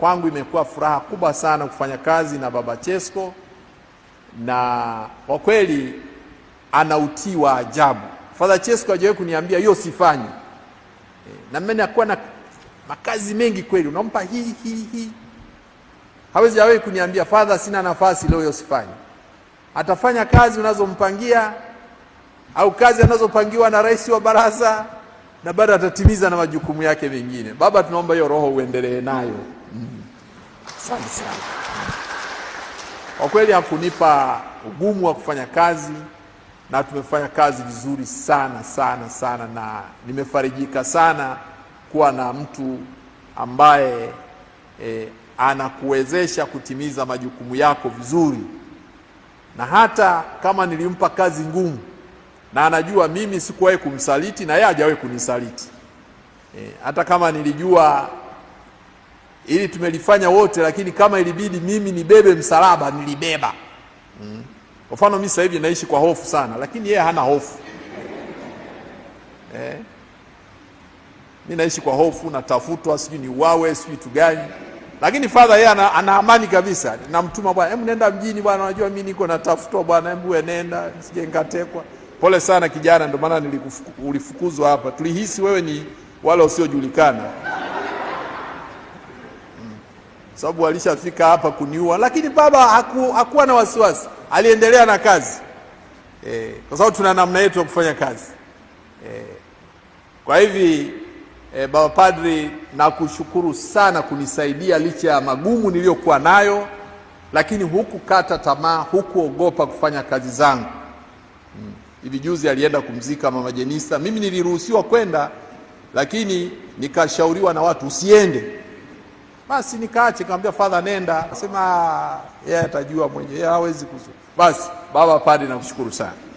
kwangu imekuwa furaha kubwa sana kufanya kazi na Baba Chesko, na kwa kweli ana utii wa ajabu. Father Chesko hajawahi kuniambia hiyo sifanyi e, na mimi nakuwa na makazi mengi kweli, unampa hii hii hii, hawezi hawahi kuniambia Father, sina nafasi leo, hiyo sifanyi. Atafanya kazi unazompangia au kazi anazopangiwa na rais wa baraza, na bado atatimiza na majukumu yake mengine. Baba, tunaomba hiyo roho uendelee nayo. Asante sana. Kwa kweli hakunipa ugumu wa kufanya kazi na tumefanya kazi vizuri sana sana sana, na nimefarijika sana kuwa na mtu ambaye e, anakuwezesha kutimiza majukumu yako vizuri, na hata kama nilimpa kazi ngumu, na anajua mimi sikuwahi kumsaliti na yeye hajawahi kunisaliti e, hata kama nilijua ili tumelifanya wote, lakini kama ilibidi mimi nibebe msalaba nilibeba. Mm. Kwa mfano mimi sasa hivi naishi kwa hofu sana, lakini yeye hana hofu eh? Mimi naishi kwa hofu, natafutwa, sijui ni wawe sijui kitu gani, lakini father yeye ana, amani kabisa. Namtuma bwana, hebu nenda mjini bwana, unajua mimi niko natafutwa bwana, hebu nenda, sije nikatekwa. Pole sana kijana, ndio maana ulifukuzwa hapa, tulihisi wewe ni wale wasiojulikana sababu alishafika hapa kuniua, lakini baba haku, hakuwa na wasiwasi, aliendelea na kazi e, kwa sababu tuna namna yetu ya kufanya kazi e, kwa hivi e, baba padri, nakushukuru sana kunisaidia licha ya magumu niliyokuwa nayo, lakini hukukata tamaa, hukuogopa kufanya kazi zangu. Mm, hivi juzi alienda kumzika mama Jenista, mimi niliruhusiwa kwenda, lakini nikashauriwa na watu usiende basi nikaache nikamwambia, fadha nenda. Akasema ah, yeye atajua mwenyewe, hawezi kuzuru. Basi baba padi, nakushukuru sana.